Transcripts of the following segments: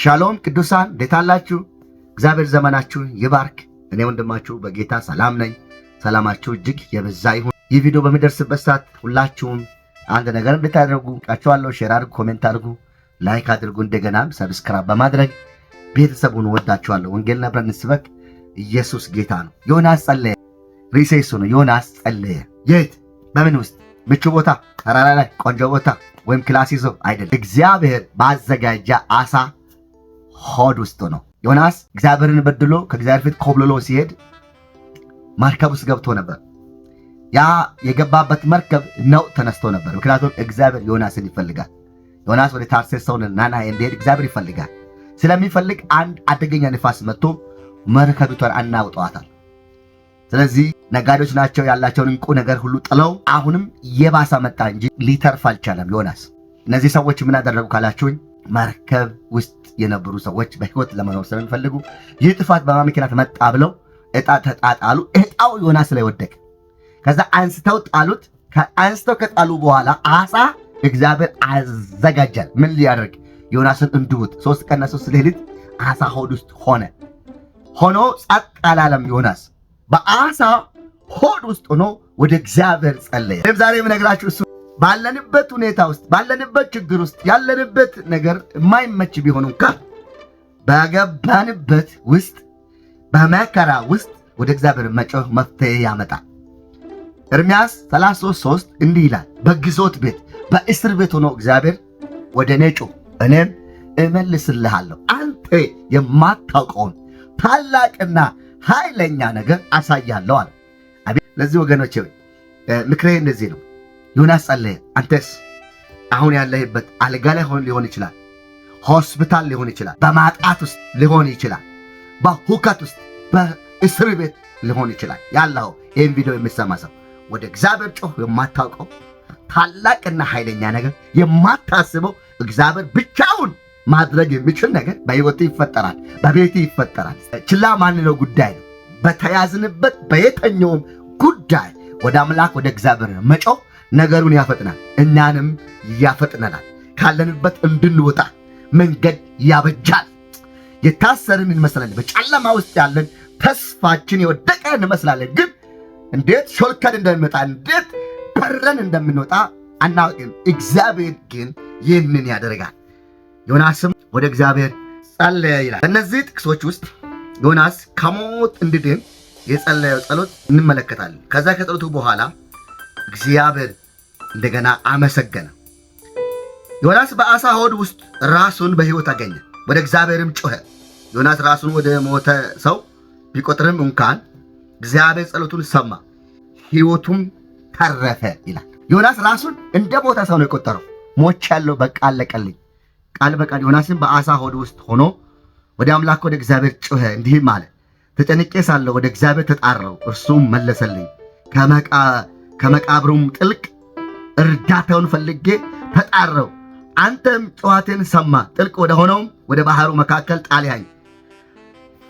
ሻሎም ቅዱሳን እንዴት አላችሁ? እግዚአብሔር ዘመናችሁን ይባርክ። እኔ ወንድማችሁ በጌታ ሰላም ነኝ። ሰላማችሁ እጅግ የበዛ ይሁን። ይህ ቪዲዮ በሚደርስበት ሰዓት ሁላችሁም አንድ ነገር እንድታደርጉ ቃችኋለሁ። ሼር አድርጉ፣ ኮሜንት አድርጉ፣ ላይክ አድርጉ፣ እንደገናም ሰብስክራይብ በማድረግ ቤተሰቡን ወዳችኋለሁ። ወንጌል ነብረን እንስበክ። ኢየሱስ ጌታ ነው። ዮናስ ጸለየ። ርዕሴ እሱ ነው። ዮናስ ጸለየ። የት በምን ውስጥ ምቹ ቦታ፣ ተራራ ላይ ቆንጆ ቦታ ወይም ክላስ ይዞ አይደለም። እግዚአብሔር ባዘጋጃ አሳ ሆድ ውስጥ ነው። ዮናስ እግዚአብሔርን በድሎ ከእግዚአብሔር ፊት ኮብልሎ ሲሄድ መርከብ ውስጥ ገብቶ ነበር። ያ የገባበት መርከብ ነው ተነስቶ ነበር። ምክንያቱም እግዚአብሔር ዮናስን ይፈልጋል። ዮናስ ወደ ታርሴስ ሰውን ናና እንዲሄድ እግዚአብሔር ይፈልጋል። ስለሚፈልግ አንድ አደገኛ ንፋስ መጥቶ መርከቢቷን አናውጠዋታል። ስለዚህ ነጋዴዎች ናቸው ያላቸውን እንቁ ነገር ሁሉ ጥለው አሁንም የባሳ መጣ እንጂ ሊተርፍ አልቻለም ዮናስ። እነዚህ ሰዎች ምን አደረጉ ካላችሁኝ መርከብ ውስጥ የነበሩ ሰዎች በህይወት ለመኖር ስለሚፈልጉ ይህ ጥፋት በማን ምክንያት መጣ ብለው እጣ ተጣጣሉ። እጣው ዮናስ ላይ ወደቀ። ከዛ አንስተው ጣሉት። አንስተው ከጣሉ በኋላ አሳ እግዚአብሔር አዘጋጃል። ምን ሊያደርግ ዮናስን እንዲውጥ። ሶስት ቀንና ሶስት ሌሊት አሳ ሆድ ውስጥ ሆነ። ሆኖ ጸጥ አላለም ዮናስ። በአሳ ሆድ ውስጥ ሆኖ ወደ እግዚአብሔር ጸለየ። ዛሬ የምነግራችሁ እሱ ባለንበት ሁኔታ ውስጥ ባለንበት ችግር ውስጥ ያለንበት ነገር የማይመች ቢሆን እንኳ በገባንበት ውስጥ በመከራ ውስጥ ወደ እግዚአብሔር መጮህ መፍትሄ ያመጣል። ኤርምያስ 33 እንዲህ ይላል፣ በግዞት ቤት በእስር ቤት ሆኖ እግዚአብሔር ወደ እኔ ጩኽ እኔም እመልስልሃለሁ፣ አንተ የማታውቀውን ታላቅና ኃይለኛ ነገር አሳያለሁ አለ። ለዚህ ወገኖች ምክሬ እንደዚህ ነው። ዮናስ ጸለየ። አንተስ አሁን ያለህበት አልጋ ላይ ሊሆን ይችላል፣ ሆስፒታል ሊሆን ይችላል፣ በማጣት ውስጥ ሊሆን ይችላል፣ በሁከት ውስጥ በእስር ቤት ሊሆን ይችላል ያለው ይህን ቪዲዮ የሚሰማ ሰው ወደ እግዚአብሔር ጮህ። የማታውቀው ታላቅና ኃይለኛ ነገር የማታስበው እግዚአብሔር ብቻውን ማድረግ የሚችል ነገር በሕይወት ይፈጠራል፣ በቤት ይፈጠራል። ችላ ማንለው ጉዳይ ነው። በተያዝንበት በየተኛውም ጉዳይ ወደ አምላክ ወደ እግዚአብሔር መጮህ ነገሩን ያፈጥናል፣ እኛንም ያፈጥነናል። ካለንበት እንድንወጣ መንገድ ያበጃል። የታሰርን እንመስላለን፣ በጨለማ ውስጥ ያለን ተስፋችን የወደቀ እንመስላለን። ግን እንዴት ሾልከን እንደምንወጣ እንዴት በረን እንደምንወጣ አናውቅም። እግዚአብሔር ግን ይህንን ያደርጋል። ዮናስም ወደ እግዚአብሔር ጸለየ ይላል። በእነዚህ ጥቅሶች ውስጥ ዮናስ ከሞት እንድድን የጸለየው ጸሎት እንመለከታለን። ከዛ ከጸሎቱ በኋላ እግዚአብሔር እንደገና አመሰገነ። ዮናስ በአሳ ሆድ ውስጥ ራሱን በሕይወት አገኘ። ወደ እግዚአብሔርም ጮኸ። ዮናስ ራሱን ወደ ሞተ ሰው ቢቆጥርም እንኳን እግዚአብሔር ጸሎቱን ሰማ፣ ሕይወቱም ተረፈ ይላል። ዮናስ ራሱን እንደ ሞተ ሰው ነው የቆጠረው። ሞች ያለው በቃ አለቀልኝ። ቃል በቃል ዮናስን በአሳ ሆድ ውስጥ ሆኖ ወደ አምላክ ወደ እግዚአብሔር ጮኸ፣ እንዲህም አለ፦ ተጨንቄ ሳለሁ ወደ እግዚአብሔር ተጣራሁ፣ እርሱም መለሰልኝ ከመቃ ከመቃብሩም ጥልቅ እርዳታውን ፈልጌ ተጣረው፣ አንተም ጩኸቴን ሰማ፣ ጥልቅ ወደ ሆነውም ወደ ባህሩ መካከል ጣልያኝ።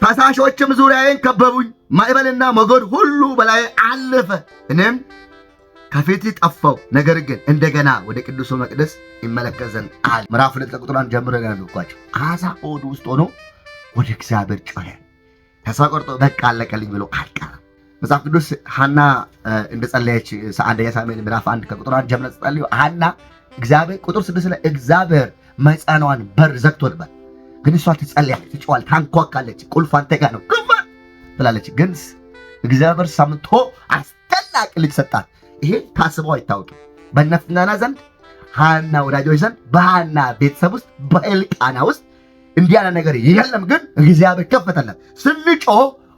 ፈሳሾችም ዙሪያዬን ከበቡኝ፣ ማዕበልና ሞገድ ሁሉ በላይ አለፈ፣ እኔም ከፊት ጠፋው። ነገር ግን እንደገና ወደ ቅዱሱ መቅደስ ይመለከት ዘንድ አለ። ምዕራፍ ሁለት ቁጥራን ጀምረ ያነበብኳቸው አሳ ሆድ ውስጥ ሆኖ ወደ እግዚአብሔር ጮኸ። ተስፋ ቆርጦ በቃ አለቀልኝ ብሎ አልቀረም። መጽሐፍ ቅዱስ ሀና እንደጸለየች አንደኛ ሳሙኤል ምዕራፍ አንድ ከቁጥር አንድ ጀምረ ጸለዩ። ሀና እግዚአብሔር ቁጥር ስድስት ላይ እግዚአብሔር መፃኗን በር ዘግቶ ዘግቶልባል፣ ግን እሷ ትጸለያለች፣ ትጨዋል፣ ታንኳካለች። ቁልፍ አንተ ጋር ነው ግባ ትላለች። ግን እግዚአብሔር ሰምቶ አስደናቂ ልጅ ሰጣት። ይሄ ታስቦ አይታወቅም። በነፍናና ዘንድ ሀና ወዳጆች ዘንድ በሀና ቤተሰብ ውስጥ በኤልቃና ውስጥ እንዲህ ነገር የለም፣ ግን እግዚአብሔር ከፈተለት ስንጮ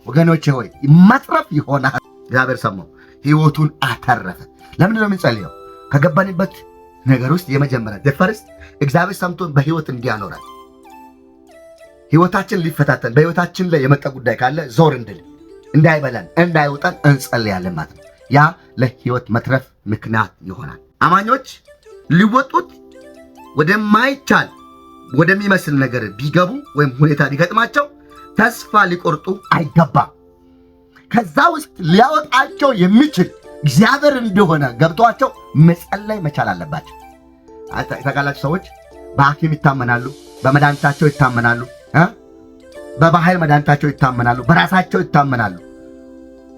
ወገኖቼ ሆይ መትረፍ ይሆናል። እግዚአብሔር ሰማው፣ ህይወቱን አተረፈ። ለምንድን ነው የምንጸልየው? ከገባንበት ነገር ውስጥ የመጀመሪያ ደፈርስት እግዚአብሔር ሰምቶን በህይወት እንዲያኖራል። ህይወታችን ሊፈታተን በህይወታችን ላይ የመጣ ጉዳይ ካለ ዞር እንድል እንዳይበላን እንዳይወጣን እንጸልያለን ማለት ነው። ያ ለህይወት መትረፍ ምክንያት ይሆናል። አማኞች ሊወጡት ወደማይቻል ወደሚመስል ነገር ቢገቡ ወይም ሁኔታ ቢገጥማቸው። ተስፋ ሊቆርጡ አይገባም። ከዛ ውስጥ ሊያወጣቸው የሚችል እግዚአብሔር እንደሆነ ገብቷቸው መጸለይ መቻል አለባቸው። የተጋላጭ ሰዎች በሐኪም ይታመናሉ፣ በመድኃኒታቸው ይታመናሉ፣ በባህል መድኃኒታቸው ይታመናሉ፣ በራሳቸው ይታመናሉ።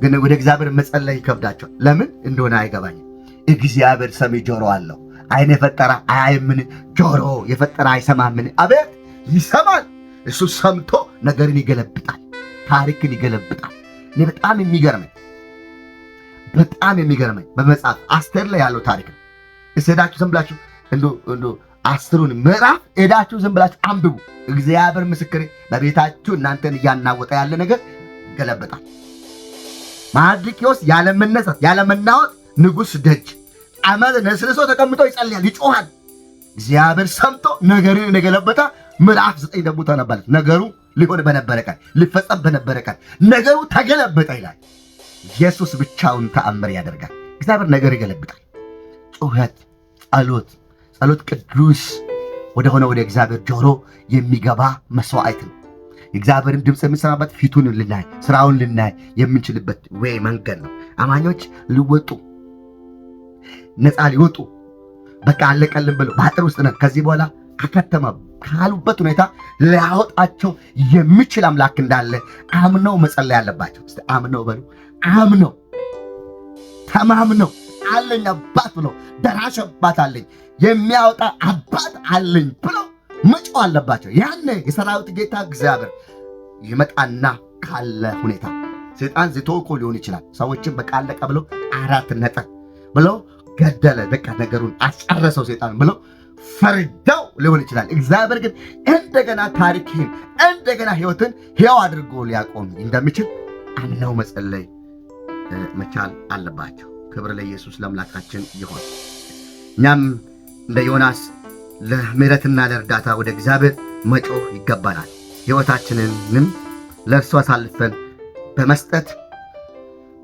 ግን ወደ እግዚአብሔር መጸለይ ይከብዳቸው። ለምን እንደሆነ አይገባኝም። እግዚአብሔር ሰሚ ጆሮ አለው። አይን የፈጠረ አያይምን? ጆሮ የፈጠረ አይሰማምን? አቤት ይሰማል። እሱ ሰምቶ ነገርን ይገለብጣል፣ ታሪክን ይገለብጣል። እኔ በጣም የሚገርመኝ በጣም የሚገርመኝ በመጽሐፍ አስቴር ላይ ያለው ታሪክ ነው። እስኪ ሄዳችሁ ዝም ብላችሁ እንዶ አስሩን ምዕራፍ ሄዳችሁ ዝም ብላችሁ አንብቡ። እግዚአብሔር ምስክር በቤታችሁ እናንተን እያናወጠ ያለ ነገር ይገለበጣል። መርዶክዮስ ያለመነሳት ያለመናወጥ ንጉሥ ደጅ አመድ ነስንሶ ተቀምጦ ይጸልያል፣ ይጮኋል። እግዚአብሔር ሰምቶ ነገርን የገለበጠ ምዕራፍ ዘጠኝ ደግሞ ተነበለ። ነገሩ ሊሆን በነበረ ቀን ሊፈጸም በነበረ ቀን ነገሩ ተገለበጠ ይላል። ኢየሱስ ብቻውን ተአምር ያደርጋል። እግዚአብሔር ነገር ይገለብጣል። ጩኸት፣ ጸሎት ጸሎት ቅዱስ ወደሆነ ወደ እግዚአብሔር ጆሮ የሚገባ መስዋዕት ነው። የእግዚአብሔርን ድምፅ የምንሰማበት ፊቱን ልናይ ስራውን ልናይ የምንችልበት ወይ መንገድ ነው። አማኞች ሊወጡ ነፃ ሊወጡ በቃ አለቀልን ብለው በአጥር ውስጥ ነን ከዚህ በኋላ ከከተማ ካሉበት ሁኔታ ሊያወጣቸው የሚችል አምላክ እንዳለ አምነው መጸለይ አለባቸው። እስቲ አምነው በሉ። አምነው ተማምነው አለኝ አባት ብሎ ደራሽ አባት አለኝ የሚያወጣ አባት አለኝ ብሎ መጮ አለባቸው። ያኔ የሰራዊት ጌታ እግዚአብሔር ይመጣና ካለ ሁኔታ ሴጣን ዝቶኮ ሊሆን ይችላል። ሰዎችን በቃለቀ ብሎ አራት ነጥብ ብሎ ገደለ። በቃ ነገሩን አስጨረሰው ሴጣን ብሎ ፈርደው ሊሆን ይችላል። እግዚአብሔር ግን እንደገና ታሪክህን እንደገና ህይወትን ሕያው አድርጎ ሊያቆም እንደሚችል አምነው መጸለይ መቻል አለባቸው። ክብር ለኢየሱስ ለአምላካችን ይሆን። እኛም እንደ ዮናስ ለምሕረትና ለእርዳታ ወደ እግዚአብሔር መጮህ ይገባናል። ሕይወታችንንም ለእርሱ አሳልፈን በመስጠት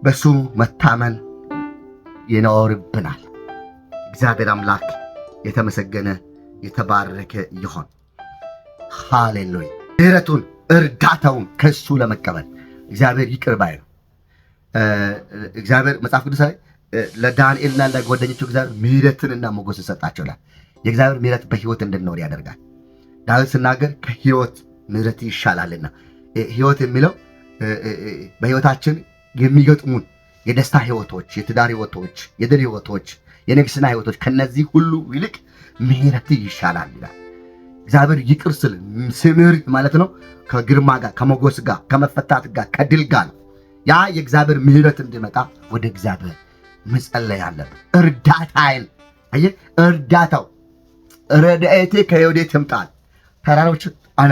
በሱ መታመን ይኖርብናል። እግዚአብሔር አምላክ የተመሰገነ የተባረከ ይሆን። ሃሌሉይ ምህረቱን እርዳታውን ከሱ ለመቀበል እግዚአብሔር ይቅር ባይ ነው። እግዚአብሔር መጽሐፍ ቅዱስ ላይ ለዳንኤልና ለጓደኞቹ እግዚአብሔር ምሕረትንና ሞገስ ሰጣቸው ይላል። የእግዚአብሔር ምሕረት በህይወት እንድንኖር ያደርጋል። ዳዊት ስናገር ከህይወት ምሕረት ይሻላልና ህይወት የሚለው በህይወታችን የሚገጥሙን የደስታ ህይወቶች፣ የትዳር ህይወቶች፣ የድል ህይወቶች የንግስና ህይወቶች ከነዚህ ሁሉ ይልቅ ምሕረትህ ይሻላል ይላል። እግዚአብሔር ይቅር ስል ስምሕረት ማለት ነው ከግርማ ጋር ከመጎስ ጋር ከመፈታት ጋር ከድል ጋር ነው። ያ የእግዚአብሔር ምሕረት እንዲመጣ ወደ እግዚአብሔር መጸለይ አለብን። እርዳታ ይል እርዳታው ረድኤቴ ከወዴት ይምጣል? ተራሮችን